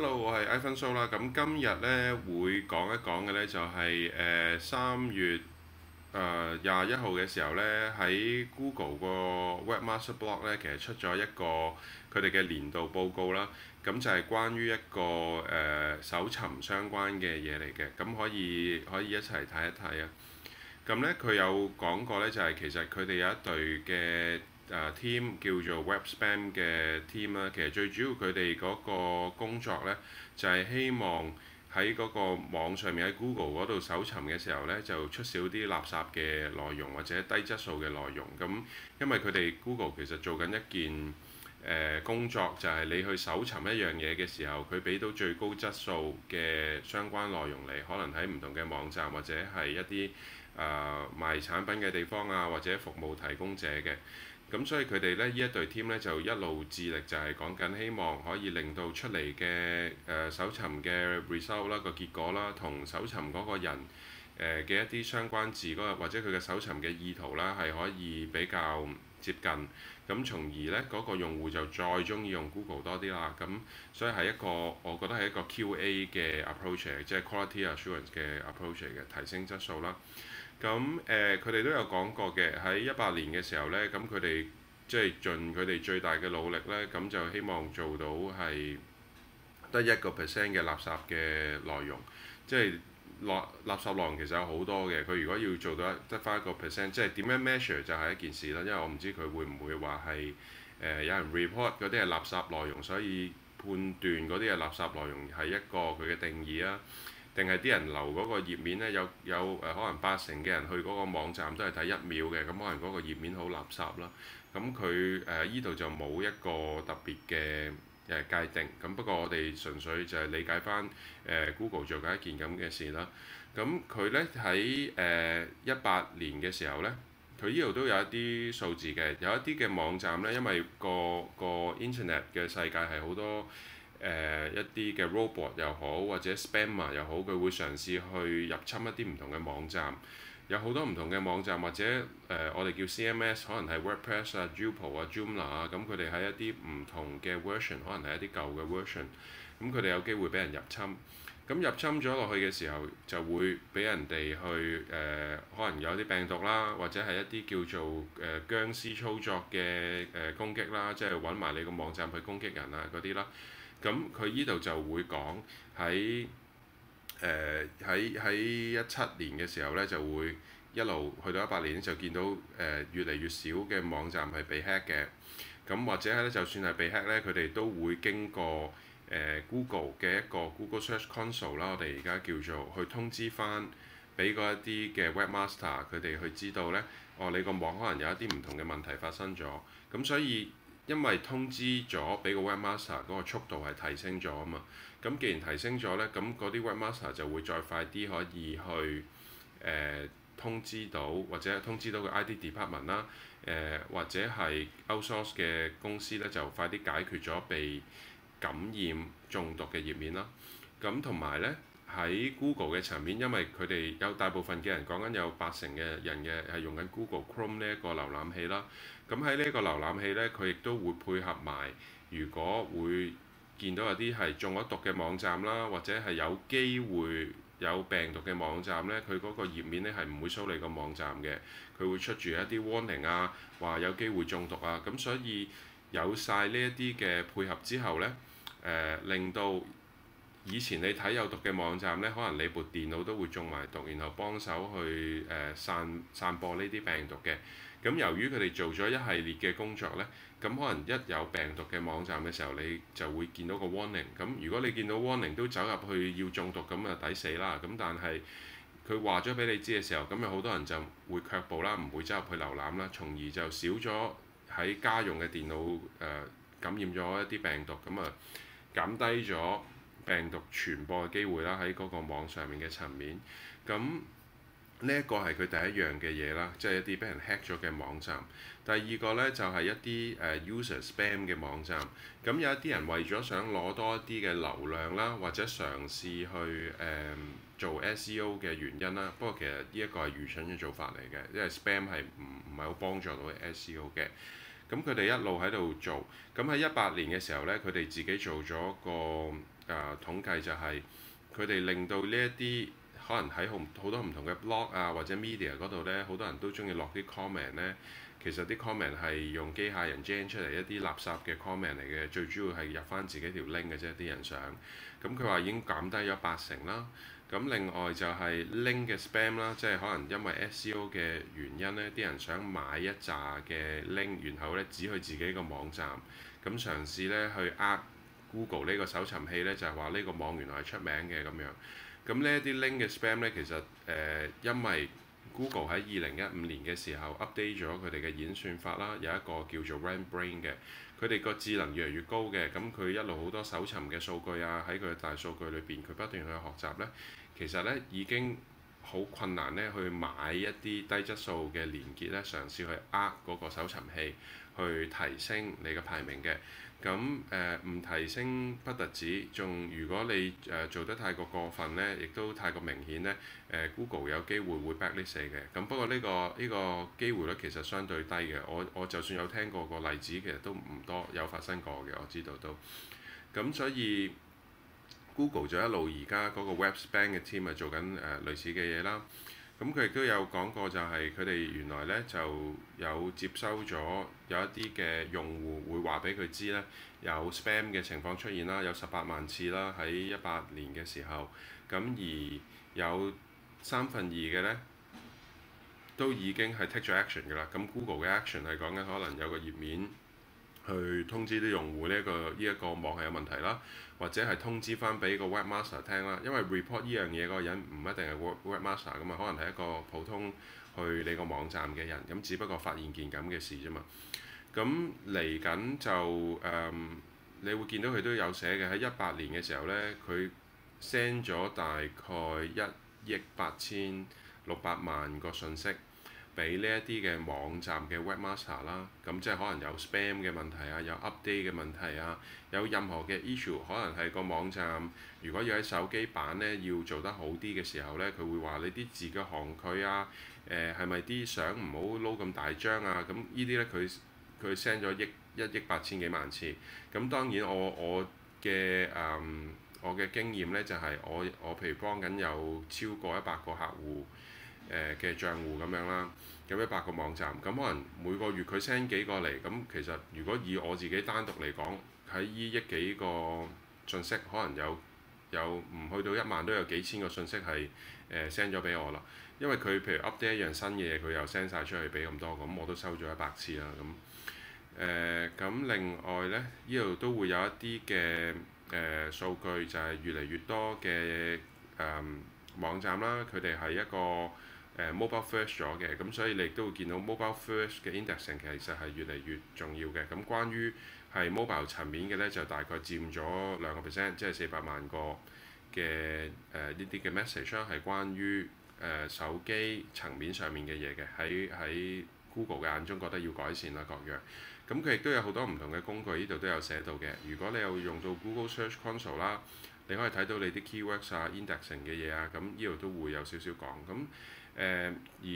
Hello，我係 Ivan So 啦。咁今日呢會講一講嘅呢就係誒三月誒廿一號嘅時候呢，喺 Google 個 Webmaster Blog 呢其實出咗一個佢哋嘅年度報告啦。咁就係關於一個誒搜尋相關嘅嘢嚟嘅，咁可以可以一齊睇一睇啊。咁呢佢有講過呢，就係其實佢哋有一隊嘅。誒、uh, team 叫做 Web Spam 嘅 team 啦，其實最主要佢哋嗰個工作呢，就係、是、希望喺嗰個網上面喺 Google 嗰度搜尋嘅時候呢，就出少啲垃圾嘅內容或者低質素嘅內容咁，因為佢哋 Google 其實做緊一件誒、呃、工作就係、是、你去搜尋一樣嘢嘅時候，佢俾到最高質素嘅相關內容嚟，可能喺唔同嘅網站或者係一啲誒、呃、賣產品嘅地方啊或者服務提供者嘅。咁所以佢哋咧呢一隊 team 咧就一路致力就係講緊希望可以令到出嚟嘅誒搜尋嘅 result 啦個結果啦同搜尋嗰個人誒嘅一啲相關字嗰個或者佢嘅搜尋嘅意圖啦係可以比較接近，咁從而咧嗰個用戶就再鍾意用 Google 多啲啦，咁所以係一個我覺得係一個 QA 嘅 approach 即係 quality assurance 嘅 approach 嘅提升質素啦。咁誒，佢哋、呃、都有講過嘅，喺一八年嘅時候呢，咁佢哋即係盡佢哋最大嘅努力呢，咁就希望做到係得一個 percent 嘅垃圾嘅內容，即係垃，垃圾內容其實有好多嘅，佢如果要做到得返一個 percent，即係點樣 measure 就係一件事啦，因為我唔知佢會唔會話係誒有人 report 嗰啲係垃圾內容，所以判斷嗰啲係垃圾內容係一個佢嘅定義啦。定係啲人留嗰個頁面呢，有有誒、呃，可能八成嘅人去嗰個網站都係睇一秒嘅，咁可能嗰個頁面好垃圾啦。咁佢誒依度就冇一個特別嘅誒、呃、界定。咁不過我哋純粹就係理解翻誒、呃、Google 做緊一件咁嘅事啦。咁佢呢喺誒一八年嘅時候呢，佢依度都有一啲數字嘅，有一啲嘅網站呢，因為個個 Internet 嘅世界係好多。誒、呃、一啲嘅 robot 又好，或者 spammer 又好，佢會嘗試去入侵一啲唔同嘅網站。有好多唔同嘅網站或者誒、呃，我哋叫 CMS，可能係 WordPress 啊、Drupal 啊、Joomla 啊，咁佢哋喺一啲唔同嘅 version，可能係一啲舊嘅 version，咁佢哋有機會俾人入侵。咁、嗯、入侵咗落去嘅時候，就會俾人哋去誒、呃，可能有啲病毒啦，或者係一啲叫做誒殭屍操作嘅誒、呃、攻擊啦，即係揾埋你個網站去攻擊人啊嗰啲啦。咁佢呢度就會講，喺誒喺喺一七年嘅時候呢，就會一路去到一八年就見到誒、呃、越嚟越少嘅網站係被 hack 嘅。咁或者係咧，就算係被 hack 呢，佢哋都會經過誒、呃、Google 嘅一個 Google Search Console 啦，我哋而家叫做去通知翻，俾嗰一啲嘅 Webmaster 佢哋去知道呢，哦，你個網可能有一啲唔同嘅問題發生咗。咁所以。因為通知咗俾個 webmaster 嗰個速度係提升咗啊嘛，咁既然提升咗咧，咁嗰啲 webmaster 就會再快啲可以去誒、呃、通知到，或者通知到個 ID department 啦，誒、呃、或者係 outsource 嘅公司咧就快啲解決咗被感染中毒嘅頁面啦，咁同埋咧。喺 Google 嘅層面，因為佢哋有大部分嘅人講緊有八成嘅人嘅係用緊 Google Chrome 呢一個瀏覽器啦。咁喺呢個瀏覽器呢，佢亦都會配合埋，如果會見到有啲係中咗毒嘅網站啦，或者係有機會有病毒嘅網站呢，佢嗰個頁面呢係唔會掃你個網站嘅，佢會出住一啲 warning 啊，話有機會中毒啊。咁所以有晒呢一啲嘅配合之後呢，誒、呃、令到。以前你睇有毒嘅網站呢，可能你部電腦都會中埋毒，然後幫手去誒、呃、散散播呢啲病毒嘅。咁由於佢哋做咗一系列嘅工作呢，咁可能一有病毒嘅網站嘅時候，你就會見到個 warning。咁如果你見到 warning 都走入去要中毒，咁啊抵死啦。咁但係佢話咗俾你知嘅時候，咁咪好多人就會卻步啦，唔會走入去瀏覽啦，從而就少咗喺家用嘅電腦誒、呃、感染咗一啲病毒，咁啊減低咗。病毒傳播嘅機會啦，喺嗰個網上面嘅層面，咁呢一個係佢第一樣嘅嘢啦，即係一啲畀人 hack 咗嘅網站。第二個呢，就係、是、一啲誒 user spam 嘅網站。咁有一啲人為咗想攞多一啲嘅流量啦，或者嘗試去誒、呃、做 SEO 嘅原因啦。不過其實呢一個係愚蠢嘅做法嚟嘅，因為 spam 係唔唔係好幫助到 SEO 嘅。咁佢哋一路喺度做，咁喺一八年嘅時候呢，佢哋自己做咗個。誒、呃、統計就係佢哋令到呢一啲可能喺好好多唔同嘅 blog 啊或者 media 嗰度呢，好多人都中意落啲 comment 呢。其實啲 comment 係用機械人 gen 出嚟一啲垃圾嘅 comment 嚟嘅，最主要係入翻自己條 link 嘅啫。啲人想咁佢話已經減低咗八成啦。咁、啊、另外就係 link 嘅 spam 啦、啊，即係可能因為 SEO 嘅原因呢，啲人想買一紮嘅 link，然後呢指佢自己個網站咁、嗯、嘗試呢去呃。Google 呢個搜尋器呢，就係話呢個網原來係出名嘅咁樣，咁呢啲 link 嘅 spam 呢，其實誒、呃、因為 Google 喺二零一五年嘅時候 update 咗佢哋嘅演算法啦，有一個叫做 RankBrain 嘅，佢哋個智能越嚟越高嘅，咁佢一路好多搜尋嘅數據啊喺佢嘅大數據裏邊佢不斷去學習呢。其實呢已經好困難咧，去買一啲低質素嘅連結咧，嘗試去呃嗰個搜尋器去提升你嘅排名嘅。咁誒唔提升不特止，仲如果你誒、呃、做得太過過分咧，亦都太過明顯咧，誒、呃、Google 有機會會 blacklist 嘅、er。咁不過呢、呢個呢、呢個機會率其實相對低嘅。我我就算有聽過個例子，其實都唔多有發生過嘅，我知道都。咁所以。Google 就一路而家嗰個 Web Spam 嘅 team 啊，做緊誒類似嘅嘢啦。咁佢亦都有講過，就係佢哋原來咧就有接收咗有一啲嘅用戶會話俾佢知咧，有 spam 嘅情況出現啦，有十八萬次啦，喺一八年嘅時候。咁而有三分二嘅咧，都已經係 take 咗 action 㗎啦。咁 Google 嘅 action 係講緊可能有個頁面。去通知啲用戶呢、呢、一個依一、呢個網係有問題啦，或者係通知翻俾個 webmaster 聽啦，因為 report 呢樣嘢嗰個人唔一定係 webmaster 噶嘛，可能係一個普通去你個網站嘅人，咁只不過發現件咁嘅事啫嘛。咁嚟緊就誒、嗯，你會見到佢都有寫嘅喺一八年嘅時候呢，佢 send 咗大概一億八千六百萬個信息。俾呢一啲嘅網站嘅 webmaster 啦，咁即係可能有 spam 嘅問題啊，有 update 嘅問題啊，有任何嘅 issue，可能係個網站，如果要喺手機版呢，要做得好啲嘅時候呢，佢會話你啲字嘅行距啊，誒係咪啲相唔好撈咁大張啊？咁呢啲呢，佢佢 send 咗億一億八千幾萬次，咁當然我我嘅誒、呃、我嘅經驗呢，就係、是、我我譬如幫緊有超過一百個客戶。誒嘅、呃、帳戶咁樣啦，有一百個網站，咁可能每個月佢 send 幾個嚟，咁其實如果以我自己單獨嚟講，喺依億幾個信息，可能有有唔去到一萬都有幾千個信息係誒 send 咗俾我啦，因為佢譬如 update 一樣新嘅嘢，佢又 send 晒出去俾咁多嘅，咁我都收咗一百次啦，咁誒咁另外呢，呢度都會有一啲嘅誒數據，就係、是、越嚟越多嘅誒、呃、網站啦，佢哋係一個。mobile first 咗嘅，咁所以你亦都會見到 mobile first 嘅 indexing 其實係越嚟越重要嘅。咁關於係 mobile 層面嘅呢，就大概佔咗兩個 percent，即係四百萬個嘅呢啲、呃、嘅 message 係關於誒、呃、手機層面上面嘅嘢嘅。喺喺 Google 嘅眼中覺得要改善啦各樣。咁佢亦都有好多唔同嘅工具，呢度都有寫到嘅。如果你有用到 Google Search Console 啦，你可以睇到你啲 keywords 啊、indexing 嘅嘢啊，咁呢度都會有少少講咁。誒、呃、而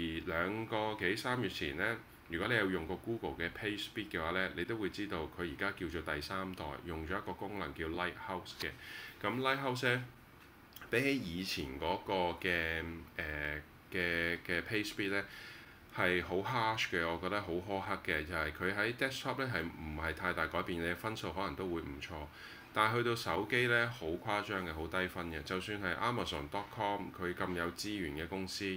兩個幾三月前呢，如果你有用過 Google 嘅 Page Speed 嘅話呢，你都會知道佢而家叫做第三代，用咗一個功能叫 Lighthouse 嘅。咁 Lighthouse 呢，比起以前嗰個嘅嘅嘅 Page Speed 呢，係好 harsh 嘅，我覺得好苛刻嘅，就係、是、佢喺 desktop 咧係唔係太大改變，你嘅分數可能都會唔錯，但係去到手機呢，好誇張嘅好低分嘅，就算係 Amazon dot com 佢咁有資源嘅公司。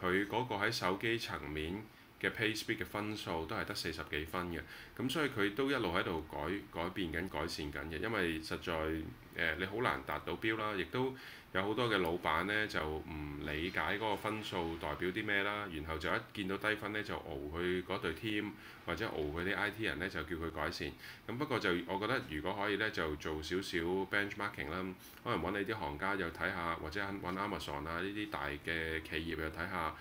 佢嗰個喺手機層面。嘅 PaySpeed 嘅分數都係得四十幾分嘅，咁所以佢都一路喺度改改變緊改善緊嘅，因為實在誒、呃、你好難達到標啦，亦都有好多嘅老闆咧就唔理解嗰個分數代表啲咩啦，然後就一見到低分咧就鬧佢嗰隊 team 或者鬧佢啲 IT 人咧就叫佢改善。咁不過就我覺得如果可以咧就做少少 benchmarking 啦，可能搵你啲行家又睇下，或者搵 Amazon 啊呢啲大嘅企業又睇下。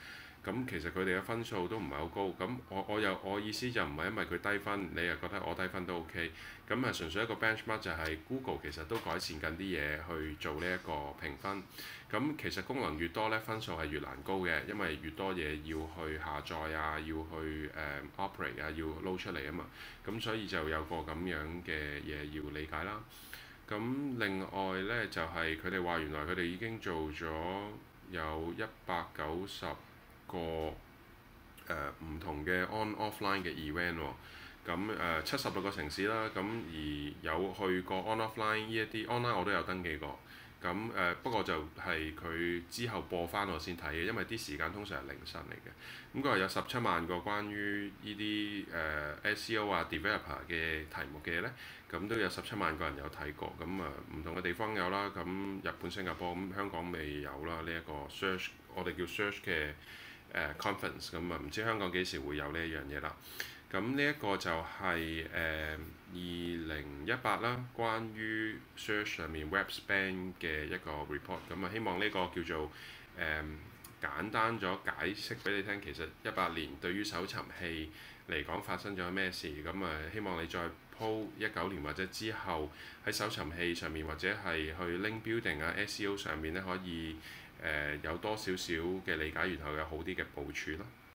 咁其實佢哋嘅分數都唔係好高，咁我我又我意思就唔係因為佢低分，你又覺得我低分都 OK，咁係純粹一個 benchmark 就係 Google 其實都改善緊啲嘢去做呢一個評分。咁其實功能越多呢，分數係越難高嘅，因為越多嘢要去下載啊，要去誒 operate 啊，要撈出嚟啊嘛。咁所以就有個咁樣嘅嘢要理解啦。咁另外呢，就係佢哋話原來佢哋已經做咗有一百九十個誒唔、呃、同嘅 on-offline 嘅 event 咁誒七十六個城市啦，咁、啊、而有去過 on-offline 呢一啲 online 我都有登記過，咁、啊、誒不過就係佢之後播返我先睇嘅，因為啲時間通常係凌晨嚟嘅。咁佢話有十七萬個關於呢啲誒 SEO 啊，啊 developer 嘅題目嘅嘢咧，咁、啊、都有十七萬個人有睇過，咁誒唔同嘅地方有啦，咁、啊、日本、新加坡、咁、啊、香港未有啦。呢、啊、一、這個 search 我哋叫 search 嘅。誒、uh, conference 咁、嗯、啊，唔知香港幾時會有呢一樣嘢啦。咁呢一個就係誒二零一八啦，uh, 2018, 關於 search 上面 web spam 嘅一個 report。咁啊，希望呢個叫做誒、嗯、簡單咗解釋俾你聽，其實一八年對於搜尋器嚟講發生咗咩事。咁、嗯、啊，希望你再鋪一九年或者之後喺搜尋器上面，或者係去 link building 啊、SEO 上面咧，可以。誒、呃、有多少少嘅理解，然後有好啲嘅部署咯。